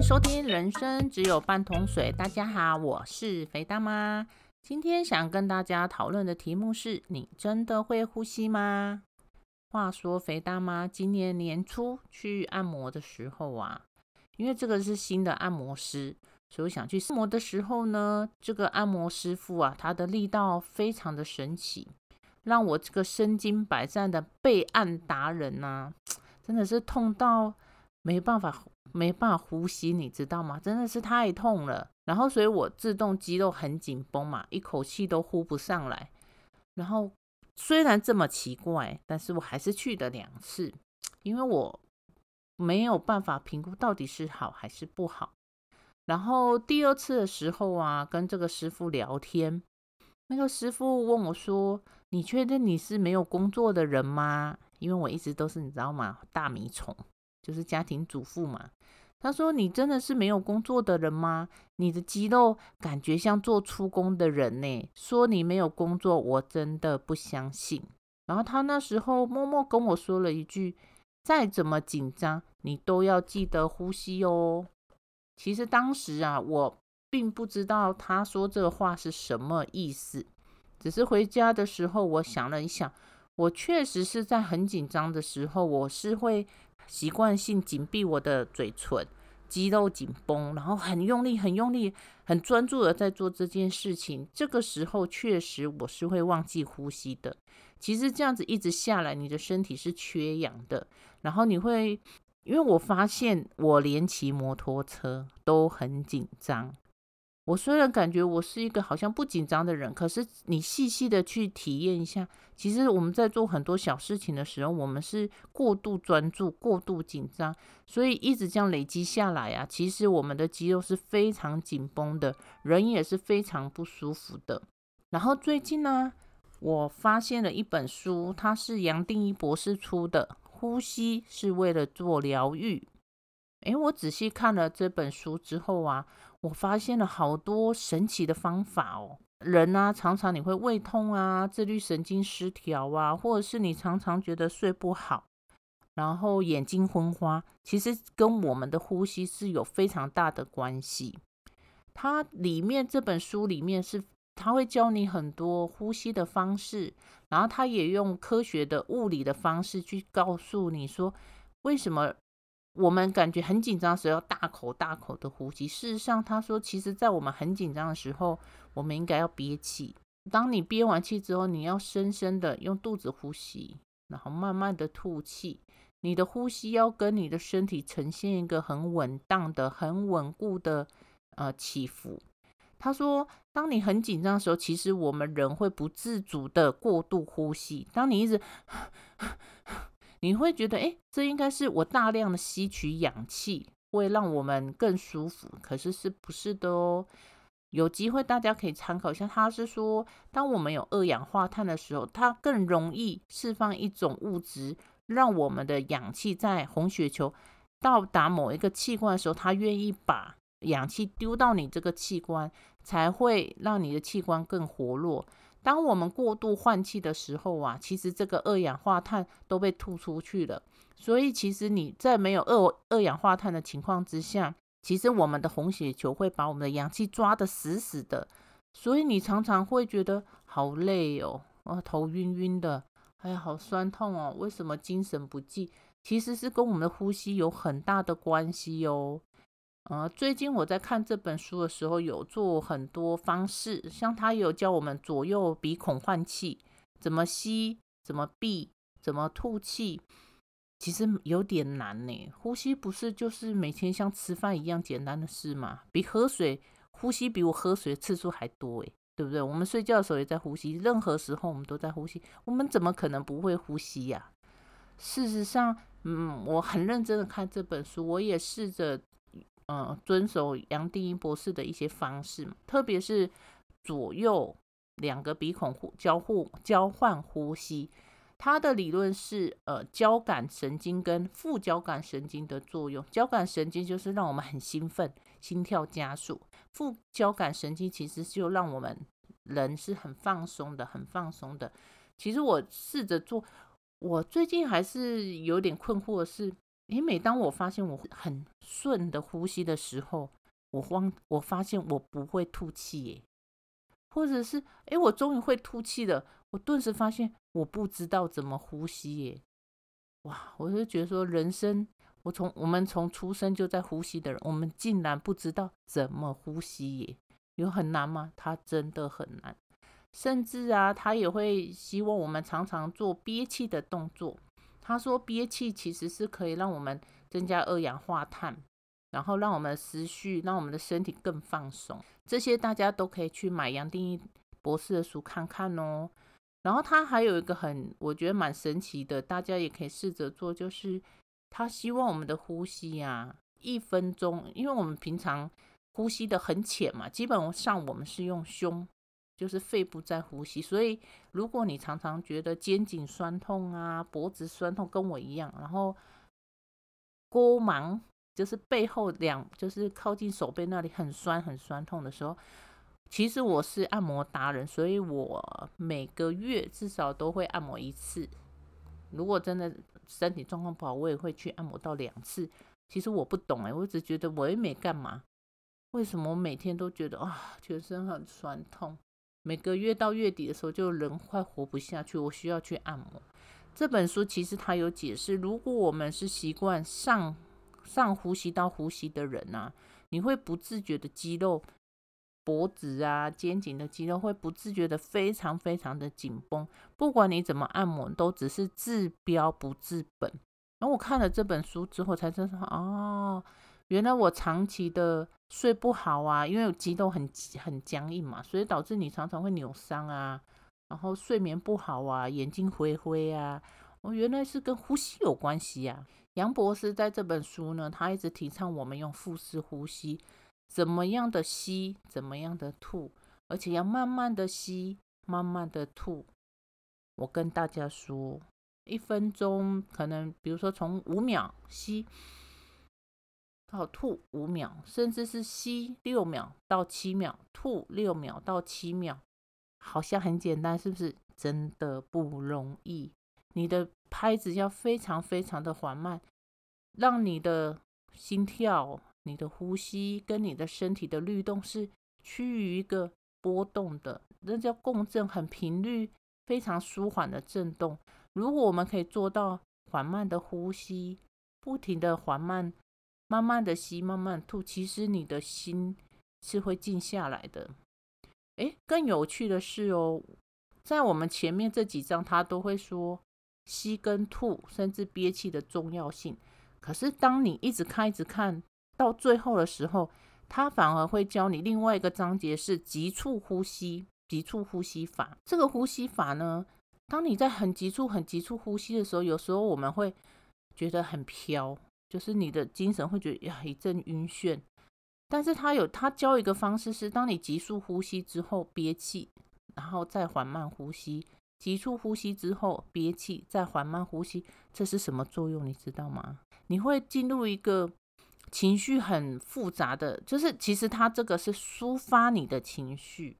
收聽人生只有半桶水。大家好，我是肥大媽。今天想跟大家討論的題目是：你真的會呼吸嗎？話說，肥大媽今年年初去按摩的時候啊，因為這個是新的按摩師，所以我想去按摩的時候呢，這個按摩師傅啊，他的力道非常的神奇，讓我這個身經百戰的備案達人吶、啊，真的是痛到沒辦法。沒辦法呼吸，你知道嗎？真的是太痛了。然後，所以我自動肌肉很緊繃嘛，一口氣都呼不上來。然後，雖然這麼奇怪，但是我還是去了兩次，因為我沒有辦法評估到底是好還是不好。然後第二次的時候啊，跟這個師傅聊天，那個師傅問我說：“你確定你是沒有工作的人嗎？”因為我一直都是，你知道嗎，大米蟲。就是家庭主婦嘛，他說：“你真的是沒有工作的人嗎？你的肌肉感覺像做出工的人呢、欸。”說你沒有工作，我真的不相信。然後他那時候默默跟我說了一句：“再怎麼緊張，你都要記得呼吸哦。”其實當時啊，我並不知道他說這話是什麼意思，只是回家的時候，我想了一想，我確實是在很緊張的時候，我是會。習慣性緊閉我的嘴唇，肌肉緊繃，然後很用力、很用力、很專注的在做這件事情。這個時候確實我是會忘記呼吸的。其實這樣子一直下來，你的身體是缺氧的，然後你會，因為我發現我連騎摩托車都很緊張。我雖然感覺我是一個好像不緊張的人，可是你細細的去體驗一下，其實我們在做很多小事情的時候，我們是過度專注、過度緊張，所以一直這樣累積下來啊，其實我們的肌肉是非常緊繃的，人也是非常不舒服的。然後最近呢，我發現了一本書，它是楊定一博士出的，《呼吸是為了做療癒》。誒，我仔細看了這本書之後啊。我發現了好多神奇的方法哦！人啊，常常你會胃痛啊，自律神經失調啊，或者是你常常覺得睡不好，然後眼睛昏花，其實跟我們的呼吸是有非常大的關係。它裡面這本書裡面是它會教你很多呼吸的方式，然後它也用科學的物理的方式去告訴你說為什麼。我們感覺很緊張的時候，要大口大口的呼吸。事實上，他說，其實，在我們很緊張的時候，我們應該要憋氣。當你憋完氣之後，你要深深的用肚子呼吸，然後慢慢的吐氣。你的呼吸要跟你的身體呈現一個很穩當的、很穩固的呃起伏。他說，當你很緊張的時候，其實我們人會不自主的過度呼吸。當你一直。你會覺得，哎，這應該是我大量的吸取氧氣會讓我們更舒服。可是是不是的哦？有機會大家可以參考一下。他是說，當我們有二氧化碳的時候，它更容易釋放一種物質，讓我們的氧氣在紅血球到達某一個器官的時候，它願意把氧氣丟到你這個器官，才會讓你的器官更活絡。當我們過度換氣的時候啊，其實這個二氧化碳都被吐出去了。所以其實你在沒有二二氧化碳的情況之下，其實我們的紅血球會把我們的氧氣抓得死死的。所以你常常會覺得好累哦，啊，頭暈暈的，哎呀好酸痛哦，為什麼精神不濟？其實是跟我們的呼吸有很大的關係哦。啊、嗯，最近我在看這本書的時候，有做很多方式，像他有教我們左右鼻孔換氣，怎麼吸，怎麼閉，怎麼吐氣。其實有點難呢。呼吸不是就是每天像吃飯一樣簡單的事嗎？比喝水，呼吸比我喝水次數還多誒，對不對？我們睡覺的時候也在呼吸，任何時候我們都在呼吸，我們怎麼可能不會呼吸呀、啊？事實上，嗯，我很認真的看這本書，我也試着。嗯，遵守楊定一博士的一些方式，特別是左右兩個鼻孔互交互交換呼吸。他的理論是，呃，交感神經跟副交感神經的作用。交感神經就是讓我們很興奮，心跳加速；副交感神經其實就讓我們人是很放鬆的，很放鬆的。其實我試着做，我最近還是有點困惑的是。哎，每當我發現我很順的呼吸的時候，我慌，我發現我不會吐氣耶，或者是誒，我終於會吐氣了，我頓時發現我不知道怎麼呼吸耶。哇，我就覺得說，人生我從我們從出生就在呼吸的人，我們竟然不知道怎麼呼吸耶？有很難嗎？它真的很難，甚至啊，它也會希望我們常常做憋氣的動作。他說憋氣其實是可以讓我們增加二氧化碳，然後讓我們的思緒、讓我們的身體更放鬆。這些大家都可以去買楊定一博士的書看看哦。然後他還有一個很，我覺得蠻神奇的，大家也可以試着做，就是他希望我們的呼吸呀、啊，一分鐘，因為我們平常呼吸得很淺嘛，基本上我們是用胸。就是肺部在呼吸，所以如果你常常覺得肩頸痠痛啊、脖子痠痛，跟我一樣，然後膏肓，就是背後兩，就是靠近手背那裡很痠、很痠痛的時候，其實我是按摩達人，所以我每個月至少都會按摩一次。如果真的身體狀況不好，我也會去按摩到兩次。其實我不懂誒、欸，我只覺得我也沒幹嘛，為什麼我每天都覺得啊、哦，全身很痠痛？每個月到月底的時候，就人快活不下去，我需要去按摩。這本書其實它有解釋，如果我們是習慣上上呼吸道呼吸的人啊，你會不自覺的肌肉脖子啊、肩頸的肌肉會不自覺的非常非常的緊繃，不管你怎麼按摩，都只是治標不治本。然後我看了這本書之後，才知道哦，原來我長期的。睡不好啊，因為肌肉很很僵硬嘛，所以導致你常常會扭傷啊，然後睡眠不好啊，眼睛灰灰啊，哦，原來是跟呼吸有關係啊。楊博士在這本書呢，他一直提倡我們用腹式呼吸，怎麼樣的吸，怎麼樣的吐，而且要慢慢的吸，慢慢的吐。我跟大家說，一分鐘可能，比如說從五秒吸。好吐五秒，甚至是吸六秒到七秒，吐六秒到七秒，好像很簡單，是不是？真的不容易。你的拍子要非常非常的緩慢，讓你的心跳、你的呼吸跟你的身體的律動是趨於一個波動的，那叫共振，很頻率非常舒緩的震動。如果我們可以做到緩慢的呼吸，不停的緩慢。慢慢的吸，慢慢吐，其實你的心是會靜下來的。誒，更有趣的是哦，在我們前面這幾章，他都會說吸跟吐，甚至憋氣的重要性。可是當你一直看一直看到最後的時候，他反而會教你另外一個章節是急促呼吸，急促呼吸法。這個呼吸法呢，當你在很急促、很急促呼吸的時候，有時候我們會覺得很飄。就是你的精神會覺得呀、啊、一陣暈眩，但是他有他教一個方式是：當你急速呼吸之後憋氣，然後再緩慢呼吸；急速呼吸之後憋氣，再緩慢呼吸。這是什麼作用？你知道嗎？你會進入一個情緒很複雜的就是，其實他這個是抒發你的情緒，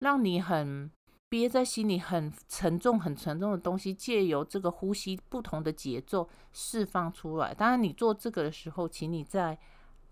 讓你很。憋在心裡很沉重、很沉重的東西，借由這個呼吸不同的節奏釋放出來。當然，你做這個的時候，請你在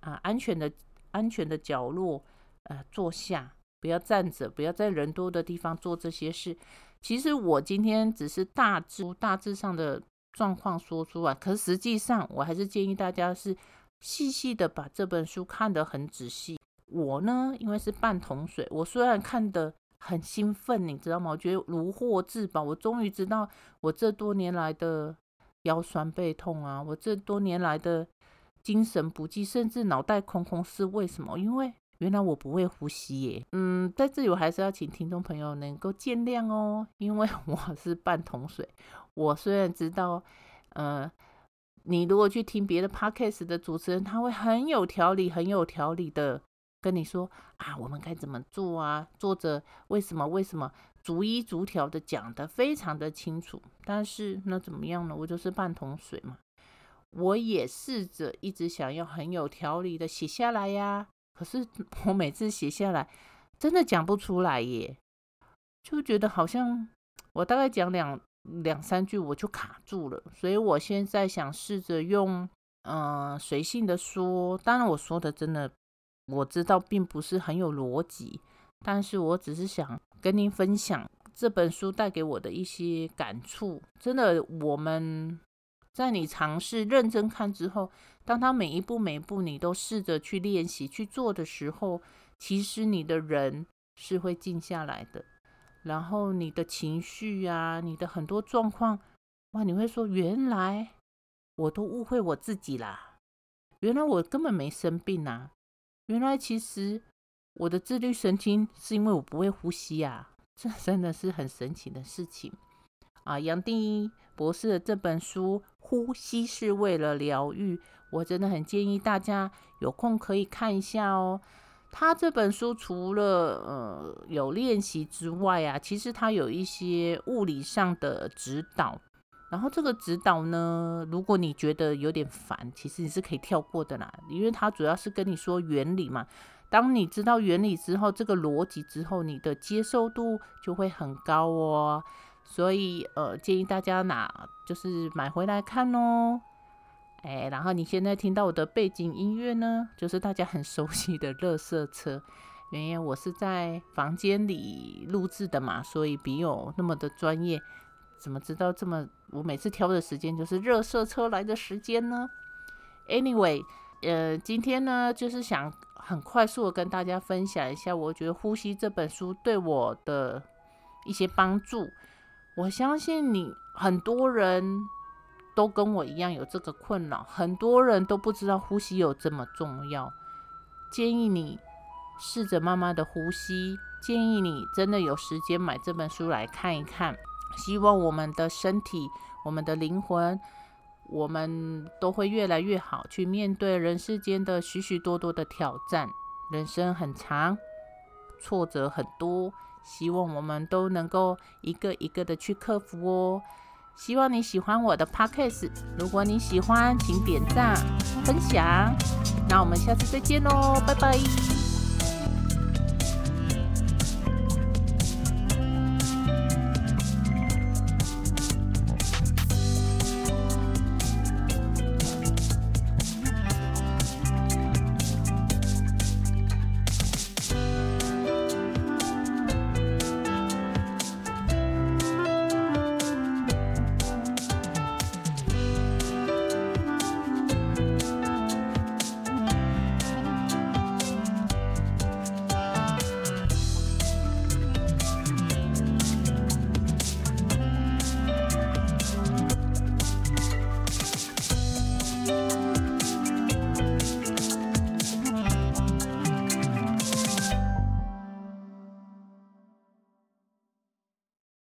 啊、呃、安全的、安全的角落呃坐下，不要站着，不要在人多的地方做這些事。其實我今天只是大致、大致上的狀況說出來，可是實際上我還是建議大家是細細的把這本書看得很仔細。我呢，因為是半桶水，我雖然看得。很興奮，你知道嗎？我覺得如獲至寶。我終於知道我這多年來的腰酸背痛啊，我這多年來的精神不濟，甚至腦袋空空是為什麼？因為原來我不會呼吸耶。嗯，在這裡我還是要請聽眾朋友能夠見諒哦，因為我是半桶水。我雖然知道，呃，你如果去聽別的 podcast 的主持人，他會很有條理、很有條理的。跟你說啊，我們該怎麼做啊？作者為什麼為什麼逐一逐條的講得非常的清楚？但是那怎麼樣呢？我就是半桶水嘛。我也試着一直想要很有條理的寫下來呀，可是我每次寫下來，真的講不出來耶，就覺得好像我大概講兩兩三句我就卡住了。所以我現在想試着用嗯、呃、隨性的說，當然我說的真的。我知道並不是很有邏輯，但是我只是想跟您分享這本書帶給我的一些感觸。真的，我們在你嘗試認真看之後，當他每一步每一步你都試着去練習去做的時候，其實你的人是會靜下來的，然後你的情緒啊，你的很多狀況，哇，你會說原來我都誤會我自己啦，原來我根本沒生病啊。原來其實我的自律神經是因為我不會呼吸啊，這真的是很神奇的事情啊！楊定一博士的這本書《呼吸是為了療癒》，我真的很建議大家有空可以看一下哦。他這本書除了呃有練習之外啊，其實他有一些物理上的指導。然後這個指導呢，如果你覺得有點煩，其實你是可以跳過的啦，因為它主要是跟你說原理嘛。當你知道原理之後，這個邏輯之後，你的接受度就會很高哦。所以呃，建議大家拿就是買回來看哦。誒、哎，然後你現在聽到我的背景音樂呢，就是大家很熟悉的《垃圾車》，因為我是在房間裡錄制的嘛，所以沒有那麼的專業。怎麼知道這麼？我每次挑的時間就是熱射車來的時間呢。Anyway，呃，今天呢，就是想很快速的跟大家分享一下，我覺得《呼吸》這本書對我的一些幫助。我相信你很多人都跟我一樣有這個困擾，很多人都不知道呼吸有這麼重要。建議你試着慢慢的呼吸，建議你真的有時間買這本書來看一看。希望我們的身體、我們的靈魂，我們都會越來越好，去面對人世間的許許多多的挑戰。人生很長，挫折很多，希望我們都能夠一個一個的去克服哦。希望你喜歡我的 podcast，如果你喜歡，請點讚、分享。那我們下次再見嘍，拜拜。